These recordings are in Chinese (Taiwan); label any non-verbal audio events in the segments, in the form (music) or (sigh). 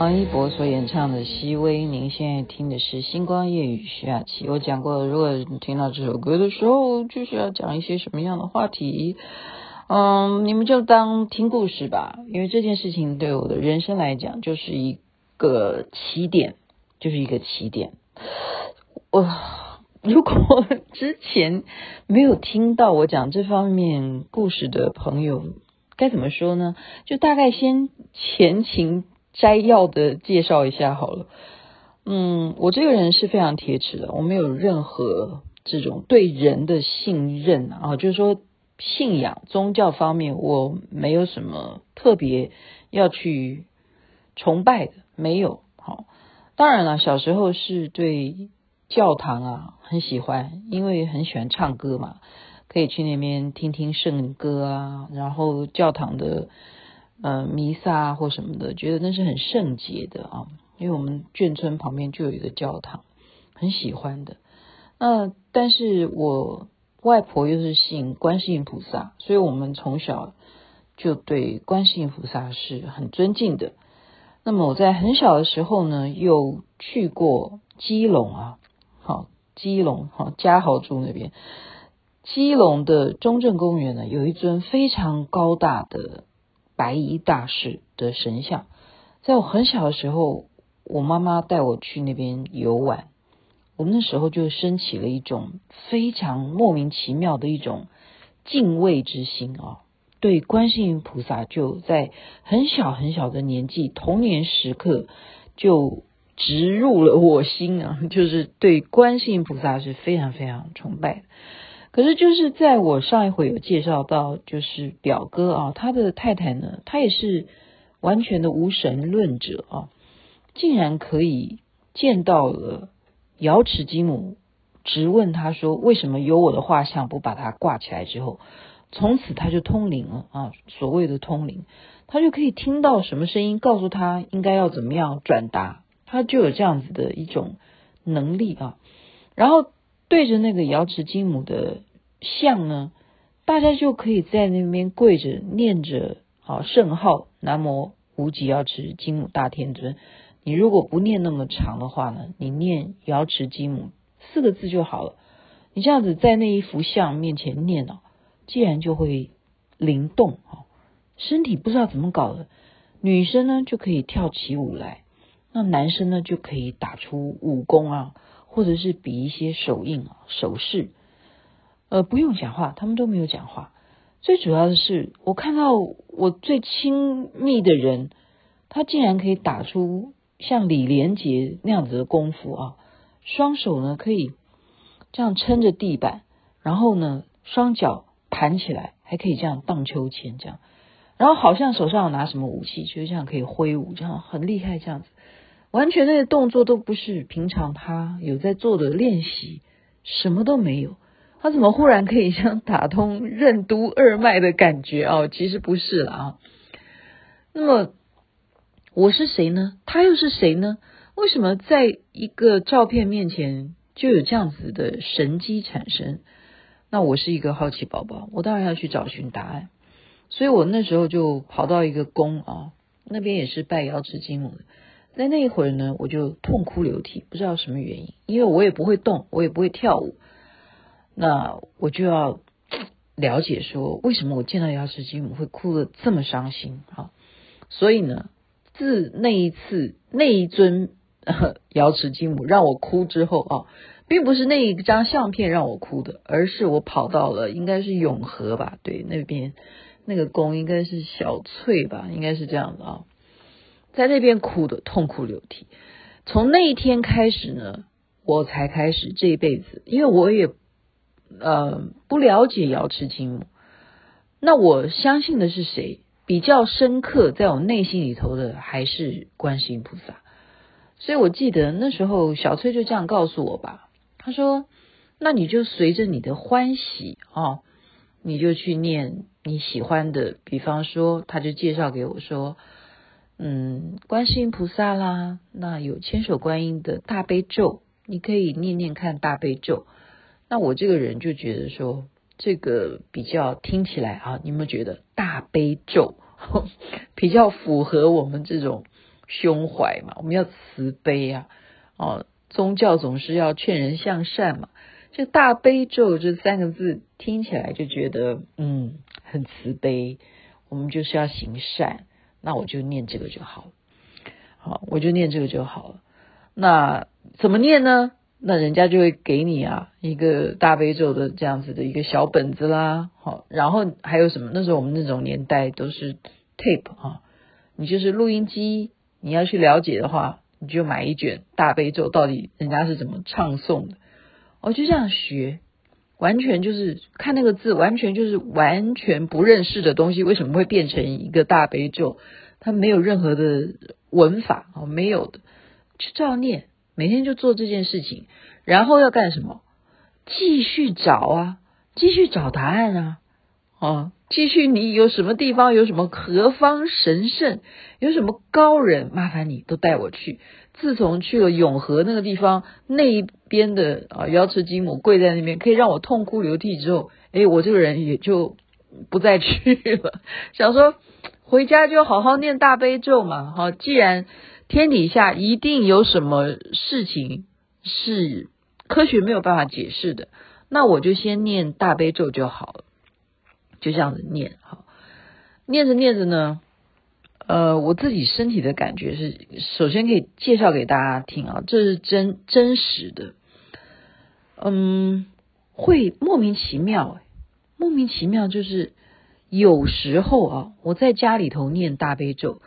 王一博所演唱的《熹微》，您現在聽的是《星光夜語》徐雅琪。我講過，如果你聽到這首歌的時候，就是要講一些什麼樣的話題？嗯，你們就當聽故事吧，因為這件事情對我的人生來講就是一個起點，就是一個起點。我如果之前沒有聽到我講這方面故事的朋友，該怎麼說呢？就大概先前情。摘要的介紹一下好了，嗯，我這個人是非常鐵齒的，我沒有任何這種對人的信任啊，啊，就是說信仰宗教方面我沒有什麼特別要去崇拜的，沒有好，啊。當然了，小時候是對教堂啊很喜歡，因為很喜歡唱歌嘛，可以去那邊聽聽聖歌啊，然後教堂的。呃，彌撒或什麼的，覺得那是很聖潔的啊。因為我們眷村旁邊就有一個教堂，很喜歡的。那、呃、但是我外婆又是信觀世音菩薩，所以我們從小就對觀世音菩薩是很尊敬的。那麼我在很小的時候呢，又去過基隆啊，好基隆好嘉豪住那邊，基隆的中正公園呢，有一尊非常高大的。白衣大士的神像，在我很小的時候，我媽媽帶我去那邊遊玩，我們那時候就升起了一種非常莫名其妙的一種敬畏之心啊、哦，對觀世音菩薩就在很小很小的年紀，童年時刻就植入了我心啊，就是對觀世音菩薩是非常非常崇拜的。可是，就是在我上一回有介紹到，就是表哥啊，他的太太呢，他也是完全的無神論者啊，竟然可以見到了瑤池金母，直問他說，為什麼有我的畫像不把它掛起來？之後，從此他就通靈了啊，所謂的通靈，他就可以聽到什麼聲音，告訴他應該要怎麼樣轉達，他就有這樣子的一種能力啊，然後。對着那個瑤池金母的像呢，大家就可以在那邊跪着念着啊、哦、聖號，南無無極瑤池金母大天尊。你如果不念那麼長的話呢，你念瑤池金母四個字就好了。你這樣子在那一幅像面前念了、哦，竟然就會靈動啊、哦，身體不知道怎麼搞的。女生呢就可以跳起舞來，那男生呢就可以打出武功啊。或者是比一些手印啊、手勢，呃，不用講話，他們都沒有講話。最主要的是，我看到我最親密的人，他竟然可以打出像李連杰那樣子的功夫啊！雙手呢可以這樣撐着地板，然後呢雙腳盤起來，還可以這樣盪秋千，這樣，然後好像手上有拿什麼武器，就是這樣可以揮舞，這樣很厲害，這樣子。完全那些動作都不是平常他有在做的練習，什麼都沒有。他怎麼忽然可以像打通任督二脈的感覺啊？其實不是了啊。那麼我是誰呢？他又是誰呢？為什麼在一個照片面前就有這樣子的神機產生？那我是一個好奇寶寶，我當然要去找尋答案。所以我那時候就跑到一個宮啊，那邊也是拜瑤池金母的。在那一會兒呢，我就痛哭流涕，不知道什麼原因，因為我也不會動，我也不會跳舞，那我就要了解說，為什麼我見到瑤池金母會哭得這麼傷心啊？所以呢，自那一次那一尊呵呵，瑤池金母讓我哭之後啊，並不是那一張相片讓我哭的，而是我跑到了應該是永和吧，對，那邊那個宮應該是小翠吧，應該是這樣子啊。在那邊哭得痛哭流涕，從那一天開始呢，我才開始這一輩子，因為我也呃不了解瑤池金母，那我相信的是誰？比較深刻在我內心裡頭的還是觀世音菩薩，所以我記得那時候小崔就這樣告訴我吧，他說：“那你就隨着你的歡喜啊、哦，你就去念你喜歡的，比方說，他就介紹給我說。”嗯，觀世音菩薩啦，那有千手觀音的大悲咒，你可以念念看大悲咒。那我這個人就覺得說，這個比較聽起來啊，你們覺得大悲咒比較符合我們這種胸懷嘛？我們要慈悲啊，哦、啊，宗教總是要勸人向善嘛。這大悲咒這三個字聽起來就覺得，嗯，很慈悲，我們就是要行善。那我就念這個就好了，好，我就念這個就好了。那怎麼念呢？那人家就會給你啊一個大悲咒的這樣子的一個小本子啦，好，然後還有什麼？那時候我們那種年代都是 tape 啊，你就是錄音機，你要去了解的話，你就買一卷大悲咒到底人家是怎麼唱誦的，我就這樣學。完全就是看那個字，完全就是完全不認識的東西，為什麼會變成一個大悲咒？它沒有任何的文法哦，沒有的，就照念，每天就做這件事情，然後要幹什麼？繼續找啊，繼續找答案啊，啊、哦。繼續，你有什麼地方有什麼何方神聖，有什麼高人，麻煩你都帶我去。自從去了永和那個地方，那一邊的啊瑤池金母跪在那邊，可以讓我痛哭流涕之後，哎，我這個人也就不再去了。想說回家就好好念大悲咒嘛，哈、啊，既然天底下一定有什麼事情是科學沒有辦法解釋的，那我就先念大悲咒就好了。就這樣子念，好，念着念着呢，呃，我自己身體的感覺是，首先可以介紹給大家聽啊，這是真真實的，嗯，會莫名其妙、欸，莫名其妙就是有時候啊，我在家裡頭念大悲咒，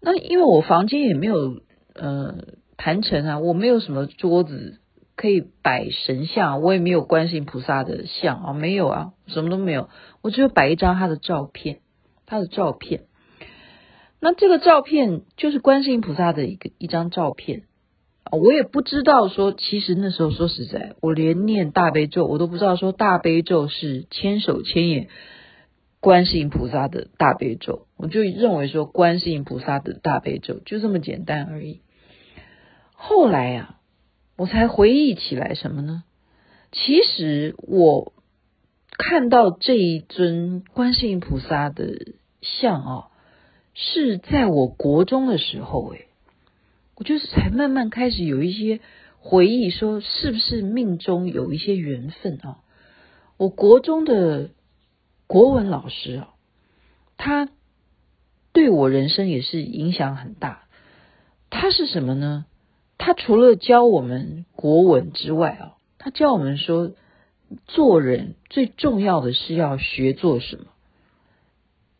那因為我房間也沒有呃盤陳啊，我沒有什麼桌子。可以擺神像，我也沒有觀世音菩薩的像啊、哦，沒有啊，什麼都沒有，我只有擺一張他的照片，他的照片。那這個照片就是觀世音菩薩的一個一張照片啊，我也不知道說，其實那時候說實在，我連念大悲咒我都不知道說大悲咒是千手千眼觀世音菩薩的大悲咒，我就認為說觀世音菩薩的大悲咒就這麼簡單而已。後來呀、啊。我才回憶起來什麼呢？其實我看到這一尊觀世音菩薩的像啊，是在我國中的時候，哎，誒。我就是才慢慢開始有一些回憶，說是不是命中有一些緣分啊？我國中的國文老師啊，他對我人生也是影響很大。他是什麼呢？他除了教我們國文之外啊，他教我們說，做人最重要的是要學做什麼。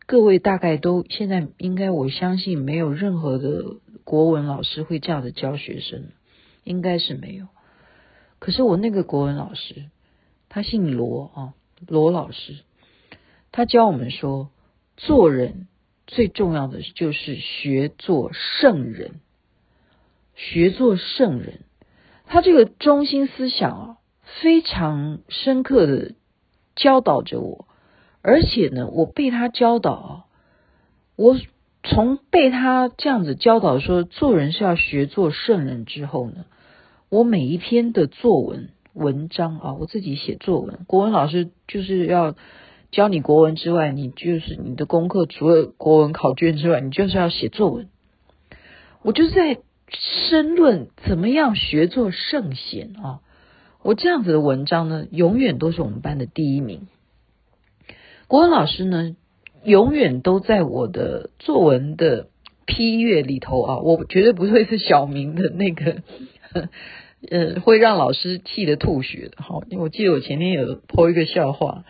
各位大概都現在應該我相信沒有任何的國文老師會這樣的教學生，應該是沒有。可是我那個國文老師，他姓羅啊，羅老師，他教我們說，做人最重要的就是學做聖人。學做聖人，他這個中心思想啊、哦，非常深刻的教導着我。而且呢，我被他教導、哦，我從被他這樣子教導說做人是要學做聖人之後呢，我每一篇的作文文章啊、哦，我自己寫作文，國文老師就是要教你國文之外，你就是你的功課除了國文考卷之外，你就是要寫作文。我就在。申論怎麼樣學做聖賢啊？我這樣子的文章呢，永遠都是我們班的第一名。國文老師呢，永遠都在我的作文的批閱裡頭啊，我絕對不會是小明的那個 (laughs) 呃，會讓老師氣得吐血的。好，因為我記得我前天有 po 一個笑話。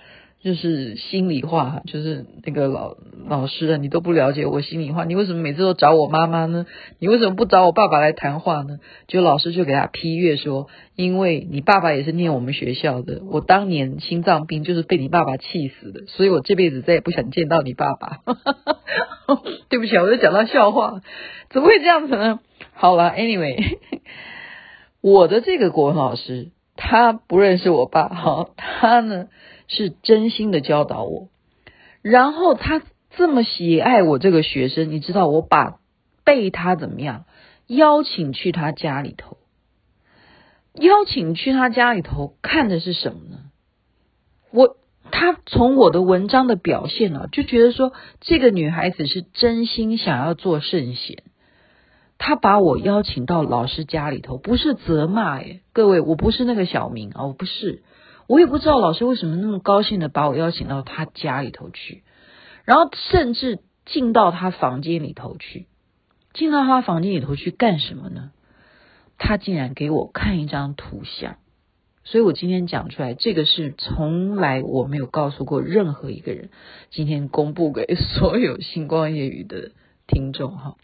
就是心裡話，就是那個老老師啊，你都不了解我心裡話，你為什麼每次都找我媽媽呢？你為什麼不找我爸爸來談話呢？就老師就給他批閱說，因為你爸爸也是念我們學校的，我當年心臟病就是被你爸爸氣死的，所以我這輩子再也不想見到你爸爸。 (laughs) 對不起啊，我又講到笑話，怎麼會這樣子呢？好了，Anyway，我的這個國文老師他不認識我爸，哈，他呢？是真心的教導我，然後他這麼喜愛我這個學生，你知道我把被他怎麼樣邀請去他家裡頭，邀請去他家裡頭看的是什麼呢？我他從我的文章的表現啊，就覺得說這個女孩子是真心想要做聖賢，他把我邀請到老師家裡頭，不是責罵哎，各位我不是那個小明啊，我不是。我也不知道老師為什麼那麼高興的把我邀請到他家裡頭去，然後甚至進到他房間裡頭去，進到他房間裡頭去幹什麼呢？他竟然給我看一張圖像，所以我今天講出來，這個是從來我沒有告訴過任何一個人，今天公布給所有星光夜語的聽眾哈，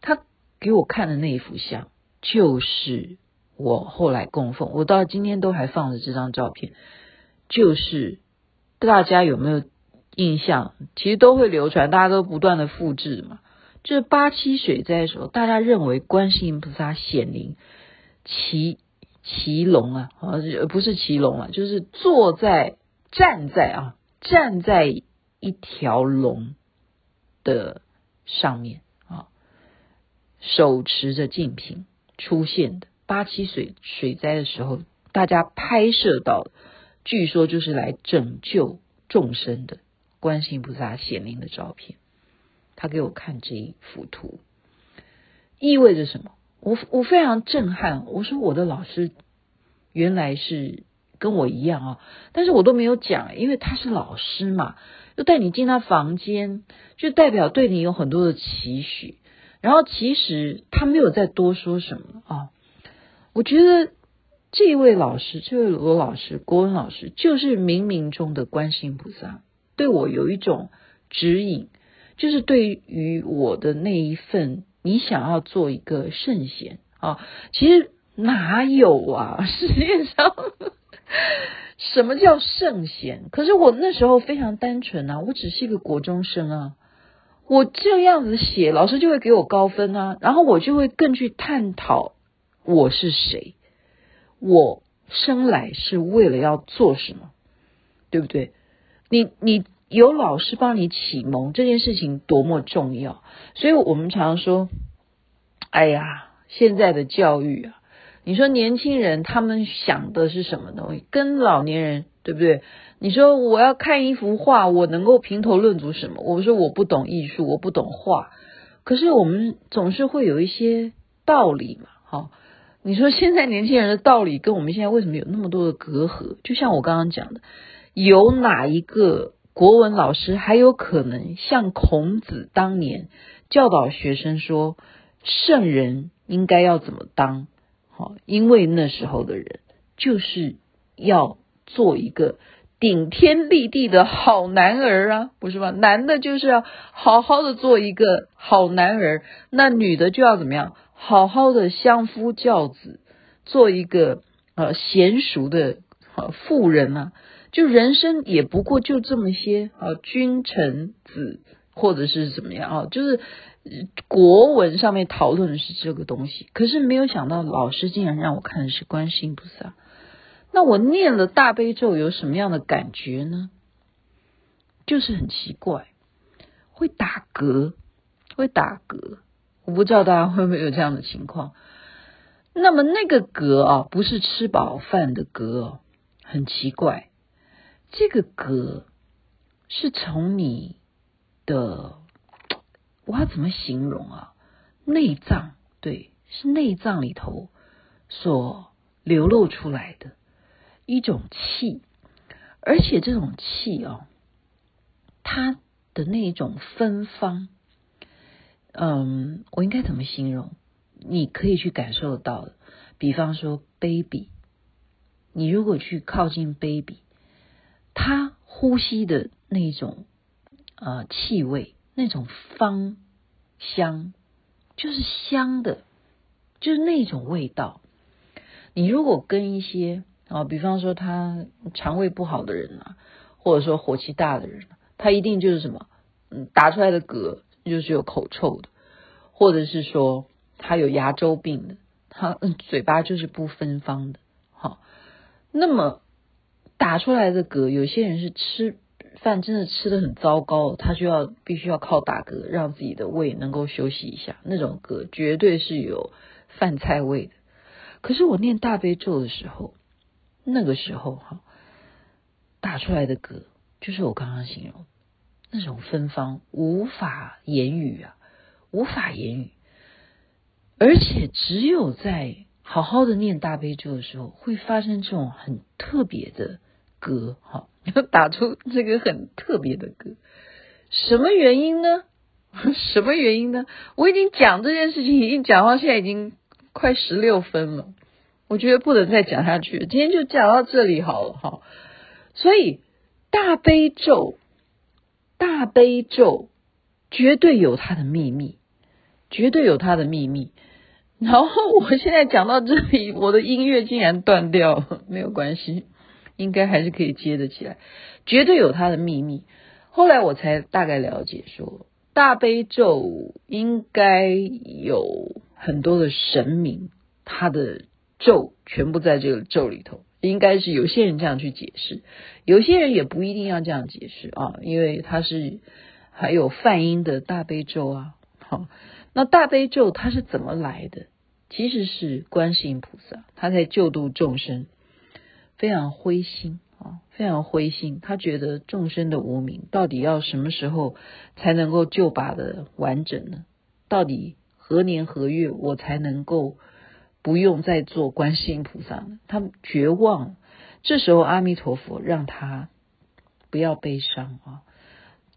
他給我看的那一幅像就是。我後來供奉，我到今天都還放着這張照片。就是大家有沒有印象？其實都會流傳，大家都不斷的複製嘛。就是八七水災的時候，大家認為觀世音菩薩顯靈，騎騎龍啊啊，不是騎龍啊，就是坐在站在啊站在一條龍的上面啊，手持着淨瓶出現的。八七水水災的時候，大家拍攝到，據說就是來拯救眾生的觀世音菩薩顯靈的照片。他給我看這一幅圖，意味着什麼？我我非常震撼。我說我的老師原來是跟我一樣啊，但是我都沒有講，因為他是老師嘛，就帶你進他房間，就代表對你有很多的期許。然後其實他沒有再多說什麼啊。我覺得這位老師，這位羅老師、郭文老師，就是冥冥中的觀世音菩薩，對我有一種指引，就是對於我的那一份，你想要做一個聖賢啊，其實哪有啊？世界上，什麼叫聖賢？可是我那時候非常單純啊，我只是一個國中生啊，我這樣子寫，老師就會給我高分啊，然後我就會更去探討。我是誰？我生來是為了要做什麼？對不對？你你有老師幫你啟蒙這件事情多麼重要。所以我們常常說，哎呀，現在的教育啊，你說年輕人他們想的是什麼東西？跟老年人對不對？你說我要看一幅畫，我能夠評頭論足什麼？我說我不懂藝術，我不懂畫。可是我們總是會有一些道理嘛，哈、哦。你說現在年輕人的道理跟我們現在為什麼有那麼多的隔閡？就像我剛剛講的，有哪一個國文老師還有可能像孔子當年教導學生說，聖人應該要怎麼當？好，因為那時候的人就是要做一個頂天立地的好男兒啊，不是嗎？男的就是要好好的做一個好男兒，那女的就要怎麼樣？好好的相夫教子，做一個呃賢淑的呃婦人呢、啊，就人生也不過就這麼些啊、呃，君臣子或者是怎麼樣啊，就是國文上面討論的是這個東西，可是沒有想到老師竟然讓我看的是觀世音菩薩，那我念了大悲咒有什麼樣的感覺呢？就是很奇怪，會打嗝，會打嗝。我不知道大家會不會有這樣的情況。那麼那個嗝啊，不是吃飽飯的嗝啊，很奇怪。這個嗝是從你的，我要怎麼形容啊？內臟，對，是內臟裡頭所流露出來的一種氣，而且這種氣哦，它的那種芬芳。嗯，我應該怎麼形容？你可以去感受得到的，比方說 baby，你如果去靠近 baby，他呼吸的那種呃氣味，那種芳香，就是香的，就是那種味道。你如果跟一些啊，比方說他腸胃不好的人啊，或者說火氣大的人，他一定就是什麼，嗯，打出來的嗝。就是有口臭的，或者是說他有牙周病的，他嘴巴就是不芬芳的。好，那麼打出來的嗝，有些人是吃飯真的吃得很糟糕，他就要必須要靠打嗝讓自己的胃能夠休息一下，那種嗝絕對是有飯菜味的。可是我念大悲咒的時候，那個時候哈，打出來的嗝就是我剛剛形容。那種芬芳無法言語啊，無法言語，而且只有在好好的念大悲咒的時候，會發生這種很特別的歌，哈，要打出這個很特別的歌，什麼原因呢？什麼原因呢？我已經講這件事情，已經講到現在已經快十六分了，我覺得不能再講下去了，今天就講到這裡好了，哈。所以大悲咒。大悲咒絕對有它的秘密，絕對有它的秘密。然後我現在講到這裡，我的音樂竟然斷掉了，沒有關係，應該還是可以接得起來。絕對有它的秘密。後來我才大概了解說，大悲咒應該有很多的神明，他的咒全部在這個咒裡頭。應該是有些人這樣去解釋，有些人也不一定要這樣解釋啊，因為他是還有梵音的大悲咒啊。好、啊，那大悲咒它是怎麼來的？其實是觀世音菩薩他在救度眾生，非常灰心啊，非常灰心，他覺得眾生的無明到底要什麼時候才能夠救拔的完整呢？到底何年何月我才能夠？不用再做觀世音菩薩了，他絕望。這時候，阿彌陀佛讓他不要悲傷啊，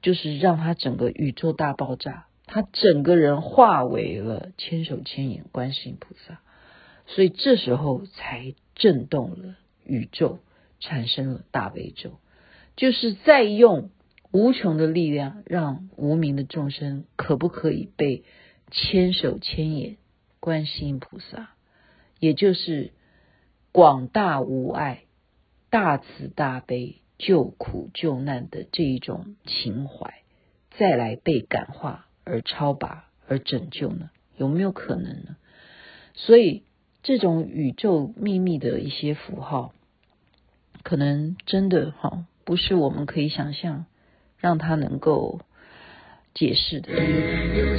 就是讓他整個宇宙大爆炸，他整個人化為了千手千眼觀世音菩薩。所以這時候才震動了宇宙，產生了大悲咒，就是在用無窮的力量，讓無名的眾生可不可以被千手千眼觀世音菩薩？也就是廣大無礙、大慈大悲、救苦救難的這一種情懷，再來被感化而超拔、而拯救呢？有沒有可能呢？所以，這種宇宙秘密的一些符號，可能真的哈、哦，不是我們可以想象讓它能夠解釋的。有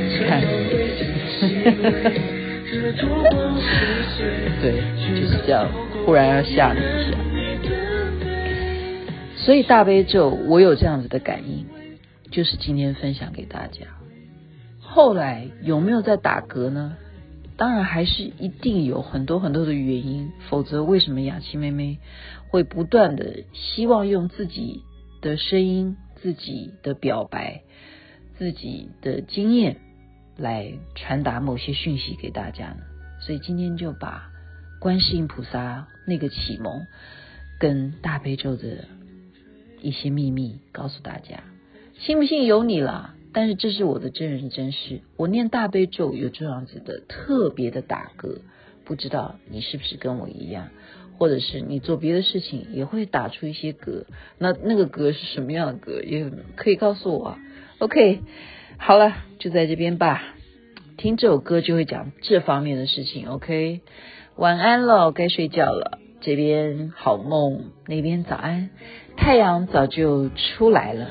(laughs) 看，哈哈哈。是 (laughs) 對，就是這樣，忽然要嚇你一下。所以大悲咒，我有這樣子的感應，就是今天分享給大家。後來有沒有在打嗝呢？當然還是一定有很多很多的原因，否則為什麼雅琪妹妹會不斷的希望用自己的聲音、自己的表白、自己的經驗？來傳達某些訊息給大家呢，所以今天就把觀世音菩薩那個啟蒙跟大悲咒的一些秘密告訴大家，信不信由你了。但是這是我的真人真事，我念大悲咒有這樣子的特別的打嗝，不知道你是不是跟我一樣，或者是你做別的事情也會打出一些嗝，那那個嗝是什麼樣的嗝，也可以告訴我啊。OK。好了，就在這邊吧。聽這首歌就會講這方面的事情，OK。晚安了，該睡覺了。這邊好夢，那邊早安。太陽早就出來了。